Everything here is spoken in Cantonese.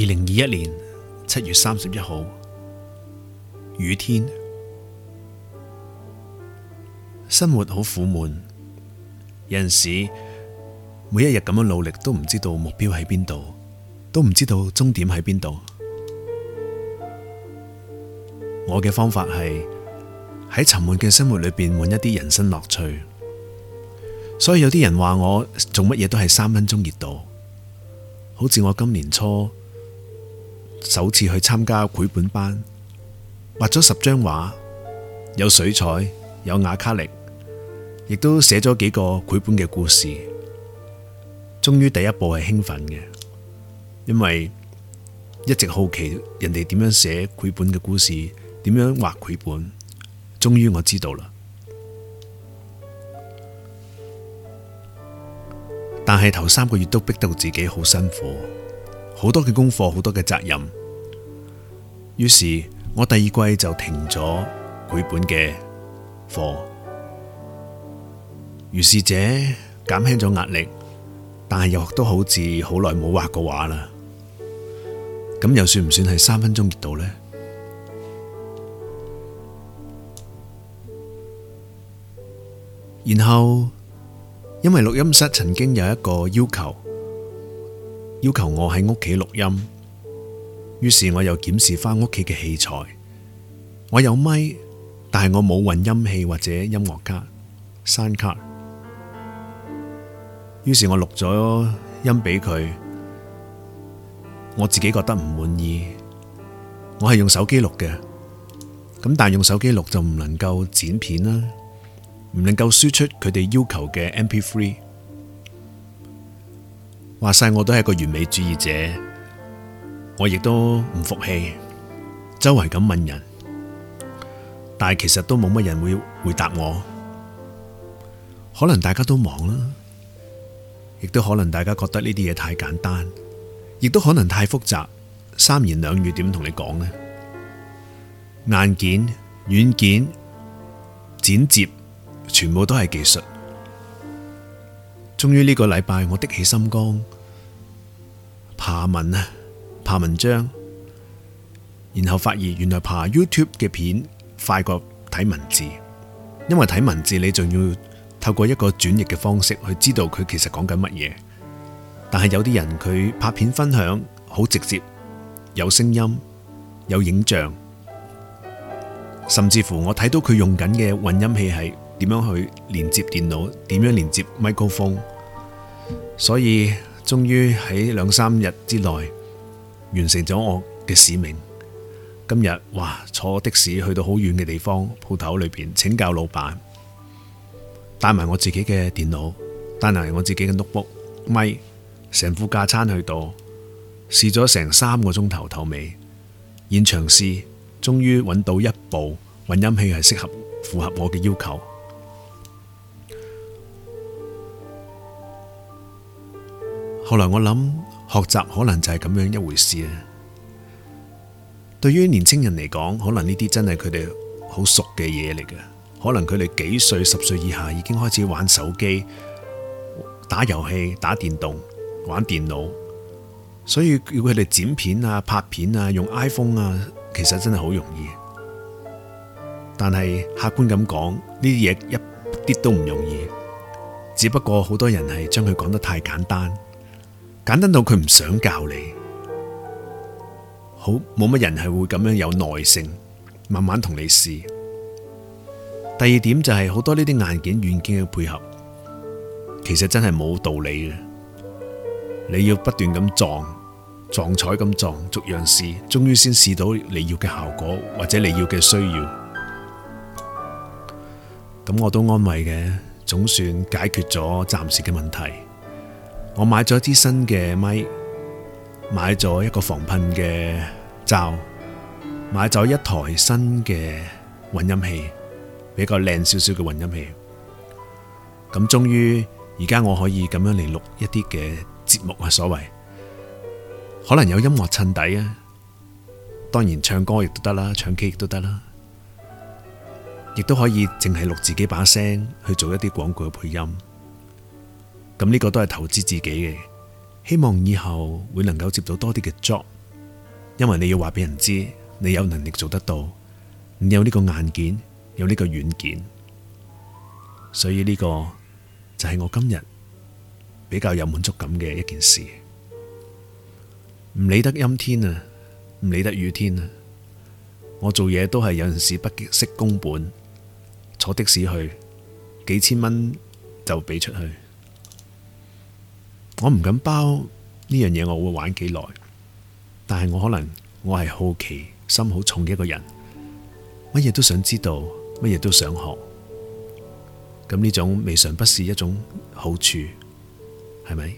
二零二一年七月三十一號，雨天，生活好苦悶，有陣時每一日咁樣努力，都唔知道目標喺邊度，都唔知道終點喺邊度。我嘅方法係喺沉悶嘅生活裏邊，搵一啲人生樂趣。所以有啲人話我做乜嘢都係三分鐘熱度，好似我今年初。首次去參加繪本班，畫咗十張畫，有水彩，有亞卡力，亦都寫咗幾個繪本嘅故事。終於第一步係興奮嘅，因為一直好奇人哋點樣寫繪本嘅故事，點樣畫繪本。終於我知道啦，但係頭三個月都逼到自己好辛苦，好多嘅功課，好多嘅責任。於是，我第二季就停咗繪本嘅課，如是者減輕咗壓力，但係又都好似好耐冇畫過畫啦。咁又算唔算係三分鐘熱度呢？然後，因為錄音室曾經有一個要求，要求我喺屋企錄音。於是我又檢視翻屋企嘅器材，我有咪，但係我冇混音器或者音樂卡聲卡。卡，於是我錄咗音俾佢，我自己覺得唔滿意。我係用手機錄嘅，咁但係用手機錄就唔能夠剪片啦，唔能夠輸出佢哋要求嘅 MP3。話晒我都係一個完美主義者。我亦都唔服氣，周圍咁問人，但係其實都冇乜人會回答我。可能大家都忙啦，亦都可能大家覺得呢啲嘢太簡單，亦都可能太複雜。三言兩語點同你講呢？硬件、軟件、剪接，全部都係技術。終於呢個禮拜，我的起心肝，爬問啊。爬文章，然後發現原來爬 YouTube 嘅片快過睇文字，因為睇文字你仲要透過一個轉譯嘅方式去知道佢其實講緊乜嘢，但係有啲人佢拍片分享好直接，有聲音有影像，甚至乎我睇到佢用緊嘅混音器係點樣去連接電腦，點樣連接 microphone，所以終於喺兩三日之內。完成咗我嘅使命今。今日哇，坐的士去到好遠嘅地方鋪頭裏邊請教老闆，帶埋我自己嘅電腦，帶埋我自己嘅 notebook、咪，成副架撐去到試咗成三個鐘頭頭尾，現場試，終於揾到一部混音器係適合符合我嘅要求。後來我諗。學習可能就係咁樣一回事啊！對於年輕人嚟講，可能呢啲真係佢哋好熟嘅嘢嚟嘅。可能佢哋幾歲、十歲以下已經開始玩手機、打遊戲、打電動、玩電腦，所以如果佢哋剪片啊、拍片啊、用 iPhone 啊，其實真係好容易。但係客觀咁講，呢啲嘢一啲都唔容易。只不過好多人係將佢講得太簡單。簡單到佢唔想教你，好，冇乜人係會咁樣有耐性，慢慢同你試。第二點就係好多呢啲硬件軟件嘅配合，其實真係冇道理嘅。你要不斷咁撞，撞彩咁撞，逐樣試，終於先試到你要嘅效果或者你要嘅需要。咁我都安慰嘅，總算解決咗暫時嘅問題。我買咗支新嘅咪，買咗一個防噴嘅罩，買咗一台新嘅混音器，比較靚少少嘅混音器。咁終於而家我可以咁樣嚟錄一啲嘅節目啊，所謂可能有音樂襯底啊，當然唱歌亦都得啦，唱 K 亦都得啦，亦都可以淨係錄自己把聲去做一啲廣告嘅配音。咁、這、呢個都係投資自己嘅，希望以後會能夠接到多啲嘅 job。因為你要話俾人知，你有能力做得到，你有呢個硬件，有呢個軟件，所以呢個就係我今日比較有滿足感嘅一件事。唔理得陰天啊，唔理得雨天啊，我做嘢都係有陣時不惜工本，坐的士去，幾千蚊就俾出去。我唔敢包呢樣嘢，我會玩幾耐，但係我可能我係好奇心好重嘅一個人，乜嘢都想知道，乜嘢都想學，咁呢種未嘗不是一種好處，係咪？